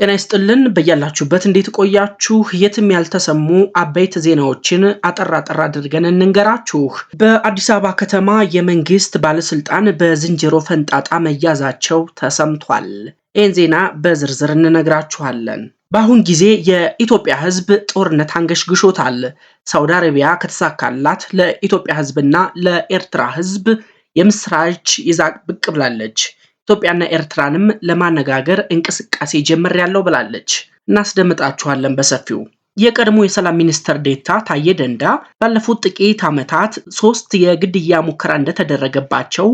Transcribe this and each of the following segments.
ጤና ይስጥልን በያላችሁበት እንዴት ቆያችሁ? የትም ያልተሰሙ አበይት ዜናዎችን አጠር አጠር አድርገን እንንገራችሁ። በአዲስ አበባ ከተማ የመንግስት ባለስልጣን በዝንጀሮ ፈንጣጣ መያዛቸው ተሰምቷል። ይህን ዜና በዝርዝር እንነግራችኋለን። በአሁን ጊዜ የኢትዮጵያ ሕዝብ ጦርነት አንገሽግሾታል። ሳውዲ አረቢያ ከተሳካላት ለኢትዮጵያ ሕዝብና ለኤርትራ ሕዝብ የምስራች ይዛ ብቅ ብላለች። ኢትዮጵያና ኤርትራንም ለማነጋገር እንቅስቃሴ ጀምር ያለው ብላለች። እናስደምጣችኋለን በሰፊው። የቀድሞ የሰላም ሚኒስትር ዴታ ታዬ ደንዳ ባለፉት ጥቂት ዓመታት ሶስት የግድያ ሙከራ እንደተደረገባቸው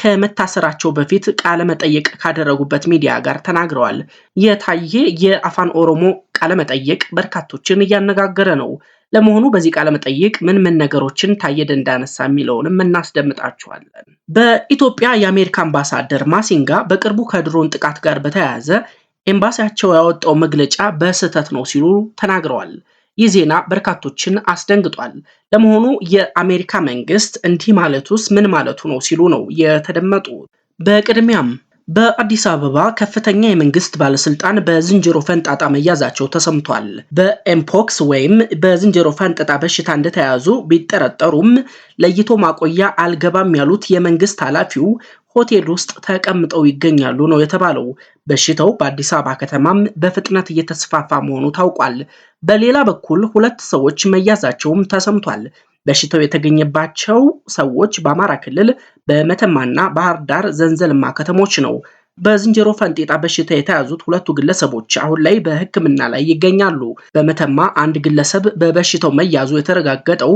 ከመታሰራቸው በፊት ቃለመጠየቅ ካደረጉበት ሚዲያ ጋር ተናግረዋል። የታዬ የአፋን ኦሮሞ ቃለመጠየቅ በርካቶችን እያነጋገረ ነው። ለመሆኑ በዚህ ቃለ መጠይቅ ምን ምን ነገሮችን ታየደ እንዳነሳ የሚለውንም እናስደምጣችኋለን። በኢትዮጵያ የአሜሪካ አምባሳደር ማሲንጋ በቅርቡ ከድሮን ጥቃት ጋር በተያያዘ ኤምባሲያቸው ያወጣው መግለጫ በስህተት ነው ሲሉ ተናግረዋል። ይህ ዜና በርካቶችን አስደንግጧል። ለመሆኑ የአሜሪካ መንግስት እንዲህ ማለቱስ ምን ማለቱ ነው ሲሉ ነው የተደመጡት። በቅድሚያም በአዲስ አበባ ከፍተኛ የመንግስት ባለስልጣን በዝንጀሮ ፈንጣጣ መያዛቸው ተሰምቷል። በኤምፖክስ ወይም በዝንጀሮ ፈንጣጣ በሽታ እንደተያዙ ቢጠረጠሩም ለይቶ ማቆያ አልገባም ያሉት የመንግስት ኃላፊው ሆቴል ውስጥ ተቀምጠው ይገኛሉ ነው የተባለው። በሽታው በአዲስ አበባ ከተማም በፍጥነት እየተስፋፋ መሆኑ ታውቋል። በሌላ በኩል ሁለት ሰዎች መያዛቸውም ተሰምቷል። በሽታው የተገኘባቸው ሰዎች በአማራ ክልል በመተማና ባህር ዳር ዘንዘልማ ከተሞች ነው። በዝንጀሮ ፈንጤጣ በሽታ የተያዙት ሁለቱ ግለሰቦች አሁን ላይ በሕክምና ላይ ይገኛሉ። በመተማ አንድ ግለሰብ በበሽታው መያዙ የተረጋገጠው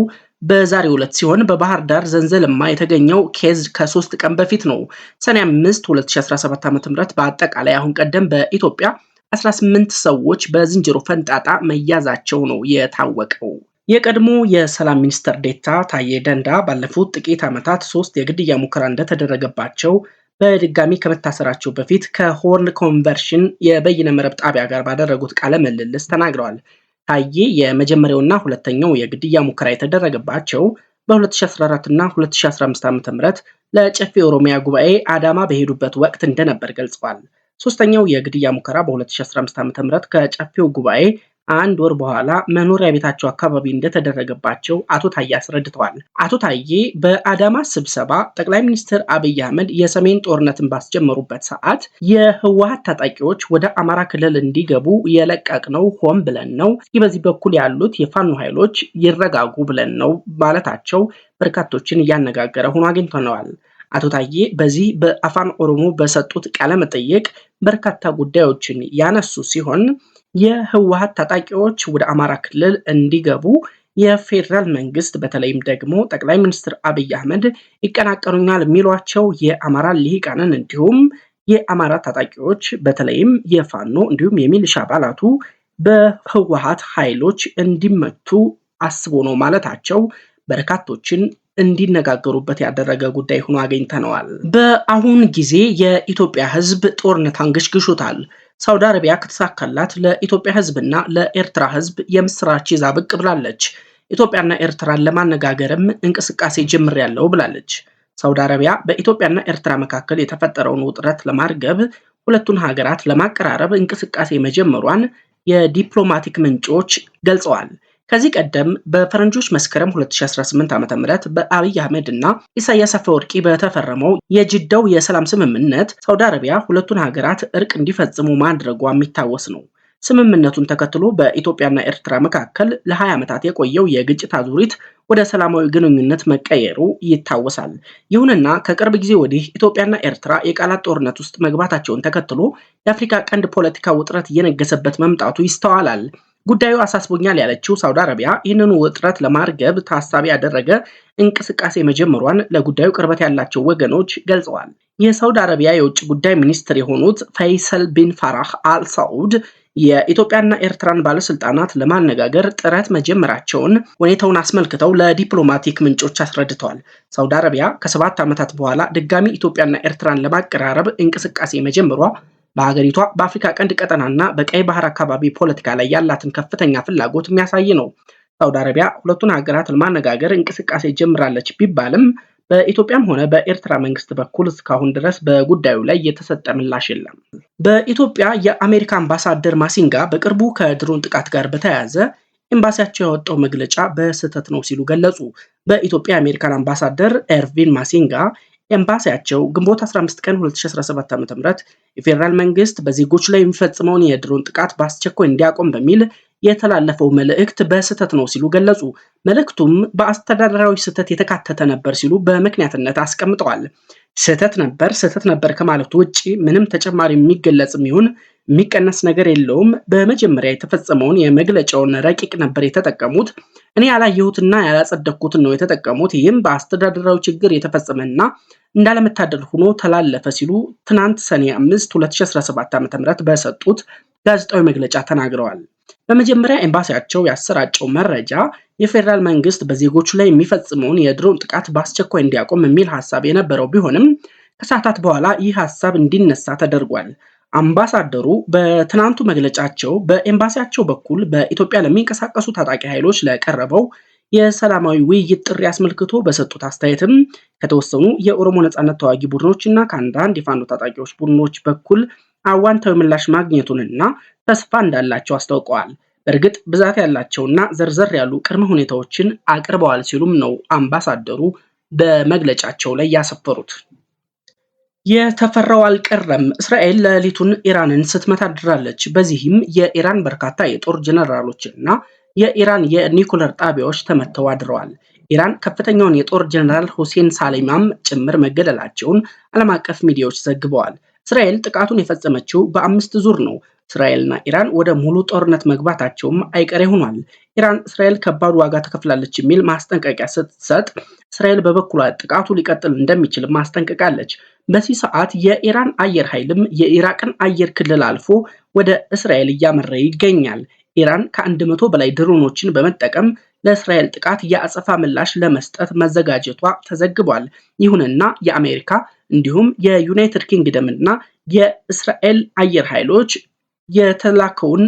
በዛሬ ዕለት ሲሆን በባህር ዳር ዘንዘልማ የተገኘው ኬዝ ከሶስት ቀን በፊት ነው። ሰኔ 5 2017 ዓ ም በአጠቃላይ አሁን ቀደም በኢትዮጵያ 18 ሰዎች በዝንጀሮ ፈንጣጣ መያዛቸው ነው የታወቀው። የቀድሞ የሰላም ሚኒስትር ዴታ ታዬ ደንዳ ባለፉት ጥቂት ዓመታት ሶስት የግድያ ሙከራ እንደተደረገባቸው በድጋሚ ከመታሰራቸው በፊት ከሆርን ኮንቨርሽን የበይነ መረብ ጣቢያ ጋር ባደረጉት ቃለ ምልልስ ተናግረዋል። ታዬ የመጀመሪያውና ሁለተኛው የግድያ ሙከራ የተደረገባቸው በ2014 እና 2015 ዓ ም ለጨፌ ኦሮሚያ ጉባኤ አዳማ በሄዱበት ወቅት እንደነበር ገልጸዋል። ሶስተኛው የግድያ ሙከራ በ2015 ዓ ም ከጨፌው ጉባኤ አንድ ወር በኋላ መኖሪያ ቤታቸው አካባቢ እንደተደረገባቸው አቶ ታዬ አስረድተዋል። አቶ ታዬ በአዳማ ስብሰባ ጠቅላይ ሚኒስትር አብይ አህመድ የሰሜን ጦርነትን ባስጀመሩበት ሰዓት የህወሀት ታጣቂዎች ወደ አማራ ክልል እንዲገቡ የለቀቅነው ሆን ብለን ነው፣ በዚህ በኩል ያሉት የፋኖ ኃይሎች ይረጋጉ ብለን ነው ማለታቸው በርካቶችን እያነጋገረ ሆኖ አግኝተነዋል። አቶ ታዬ በዚህ በአፋን ኦሮሞ በሰጡት ቃለ መጠይቅ በርካታ ጉዳዮችን ያነሱ ሲሆን የህወሀት ታጣቂዎች ወደ አማራ ክልል እንዲገቡ የፌዴራል መንግስት በተለይም ደግሞ ጠቅላይ ሚኒስትር አብይ አህመድ ይቀናቀኑኛል የሚሏቸው የአማራ ልሂቃንን እንዲሁም የአማራ ታጣቂዎች በተለይም የፋኖ እንዲሁም የሚሊሻ አባላቱ በህወሀት ኃይሎች እንዲመቱ አስቦ ነው ማለታቸው በርካቶችን እንዲነጋገሩበት ያደረገ ጉዳይ ሆኖ አግኝተነዋል። በአሁን ጊዜ የኢትዮጵያ ህዝብ ጦርነት አንገሽግሾታል። ሳውዲ አረቢያ ከተሳካላት ለኢትዮጵያ ህዝብና ለኤርትራ ህዝብ የምስራች ይዛ ብቅ ብላለች። ኢትዮጵያና ኤርትራን ለማነጋገርም እንቅስቃሴ ጀምሬያለሁ ብላለች። ሳውዲ አረቢያ በኢትዮጵያና ኤርትራ መካከል የተፈጠረውን ውጥረት ለማርገብ ሁለቱን ሀገራት ለማቀራረብ እንቅስቃሴ መጀመሯን የዲፕሎማቲክ ምንጮች ገልጸዋል። ከዚህ ቀደም በፈረንጆች መስከረም 2018 ዓ ም በአብይ አህመድ እና ኢሳያስ አፈወርቂ በተፈረመው የጅዳው የሰላም ስምምነት ሳውዲ አረቢያ ሁለቱን ሀገራት እርቅ እንዲፈጽሙ ማድረጓ የሚታወስ ነው። ስምምነቱን ተከትሎ በኢትዮጵያና ኤርትራ መካከል ለ20 ዓመታት የቆየው የግጭት አዙሪት ወደ ሰላማዊ ግንኙነት መቀየሩ ይታወሳል። ይሁንና ከቅርብ ጊዜ ወዲህ ኢትዮጵያና ኤርትራ የቃላት ጦርነት ውስጥ መግባታቸውን ተከትሎ የአፍሪካ ቀንድ ፖለቲካ ውጥረት እየነገሰበት መምጣቱ ይስተዋላል። ጉዳዩ አሳስቦኛል ያለችው ሳውዲ አረቢያ ይህንኑ ውጥረት ለማርገብ ታሳቢ ያደረገ እንቅስቃሴ መጀመሯን ለጉዳዩ ቅርበት ያላቸው ወገኖች ገልጸዋል። የሳውዲ አረቢያ የውጭ ጉዳይ ሚኒስትር የሆኑት ፈይሰል ቢን ፋራህ አል ሳዑድ የኢትዮጵያና ኤርትራን ባለስልጣናት ለማነጋገር ጥረት መጀመራቸውን ሁኔታውን አስመልክተው ለዲፕሎማቲክ ምንጮች አስረድተዋል። ሳውዲ አረቢያ ከሰባት ዓመታት በኋላ ድጋሚ ኢትዮጵያና ኤርትራን ለማቀራረብ እንቅስቃሴ መጀመሯ በሀገሪቷ በአፍሪካ ቀንድ ቀጠናና በቀይ ባህር አካባቢ ፖለቲካ ላይ ያላትን ከፍተኛ ፍላጎት የሚያሳይ ነው። ሳውዲ አረቢያ ሁለቱን ሀገራት ለማነጋገር እንቅስቃሴ ጀምራለች ቢባልም በኢትዮጵያም ሆነ በኤርትራ መንግስት በኩል እስካሁን ድረስ በጉዳዩ ላይ የተሰጠ ምላሽ የለም። በኢትዮጵያ የአሜሪካ አምባሳደር ማሲንጋ በቅርቡ ከድሮን ጥቃት ጋር በተያያዘ ኤምባሲያቸው ያወጣው መግለጫ በስህተት ነው ሲሉ ገለጹ። በኢትዮጵያ የአሜሪካን አምባሳደር ኤርቪን ማሲንጋ ኤምባሲያቸው ግንቦት 15 ቀን 2017 ዓ.ም የፌዴራል መንግስት በዜጎች ላይ የሚፈጽመውን የድሮን ጥቃት በአስቸኳይ እንዲያቆም በሚል የተላለፈው መልእክት በስህተት ነው ሲሉ ገለጹ። መልእክቱም በአስተዳደራዊ ስህተት የተካተተ ነበር ሲሉ በምክንያትነት አስቀምጠዋል። ስህተት ነበር ስህተት ነበር ከማለቱ ውጭ ምንም ተጨማሪ የሚገለጽም ይሁን የሚቀነስ ነገር የለውም። በመጀመሪያ የተፈጸመውን የመግለጫውን ረቂቅ ነበር የተጠቀሙት። እኔ ያላየሁትና ያላጸደቅኩትን ነው የተጠቀሙት። ይህም በአስተዳደራዊ ችግር የተፈጸመና እንዳለመታደል ሆኖ ተላለፈ ሲሉ ትናንት ሰኔ 5 2017 ዓ ም በሰጡት ጋዜጣዊ መግለጫ ተናግረዋል። በመጀመሪያ ኤምባሲያቸው ያሰራጨው መረጃ የፌዴራል መንግስት በዜጎቹ ላይ የሚፈጽመውን የድሮን ጥቃት በአስቸኳይ እንዲያቆም የሚል ሀሳብ የነበረው ቢሆንም ከሰዓታት በኋላ ይህ ሀሳብ እንዲነሳ ተደርጓል። አምባሳደሩ በትናንቱ መግለጫቸው በኤምባሲያቸው በኩል በኢትዮጵያ ለሚንቀሳቀሱ ታጣቂ ኃይሎች ለቀረበው የሰላማዊ ውይይት ጥሪ አስመልክቶ በሰጡት አስተያየትም ከተወሰኑ የኦሮሞ ነጻነት ተዋጊ ቡድኖች እና ከአንዳንድ የፋኖ ታጣቂዎች ቡድኖች በኩል አዋንታዊ ምላሽ ማግኘቱንና ተስፋ እንዳላቸው አስታውቀዋል። በእርግጥ ብዛት ያላቸውና ዘርዘር ያሉ ቅድመ ሁኔታዎችን አቅርበዋል ሲሉም ነው አምባሳደሩ በመግለጫቸው ላይ ያሰፈሩት። የተፈራው አልቀረም። እስራኤል ሌሊቱን ኢራንን ስትመታ አድራለች። በዚህም የኢራን በርካታ የጦር ጀነራሎችና የኢራን የኒኩለር ጣቢያዎች ተመተው አድረዋል። ኢራን ከፍተኛውን የጦር ጀነራል ሁሴን ሳሊማም ጭምር መገደላቸውን ዓለም አቀፍ ሚዲያዎች ዘግበዋል። እስራኤል ጥቃቱን የፈጸመችው በአምስት ዙር ነው። እስራኤልና ኢራን ወደ ሙሉ ጦርነት መግባታቸውም አይቀሬ ሆኗል። ኢራን እስራኤል ከባድ ዋጋ ትከፍላለች የሚል ማስጠንቀቂያ ስትሰጥ፣ እስራኤል በበኩሏ ጥቃቱ ሊቀጥል እንደሚችል ማስጠንቀቃለች። በዚህ ሰዓት የኢራን አየር ኃይልም የኢራቅን አየር ክልል አልፎ ወደ እስራኤል እያመረ ይገኛል። ኢራን ከ100 በላይ ድሮኖችን በመጠቀም ለእስራኤል ጥቃት የአጸፋ ምላሽ ለመስጠት መዘጋጀቷ ተዘግቧል። ይሁንና የአሜሪካ እንዲሁም የዩናይትድ ኪንግደም እና የእስራኤል አየር ኃይሎች የተላከውን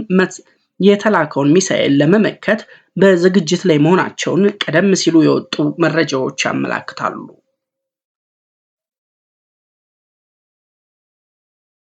የተላከውን ሚሳኤል ለመመከት በዝግጅት ላይ መሆናቸውን ቀደም ሲሉ የወጡ መረጃዎች ያመላክታሉ።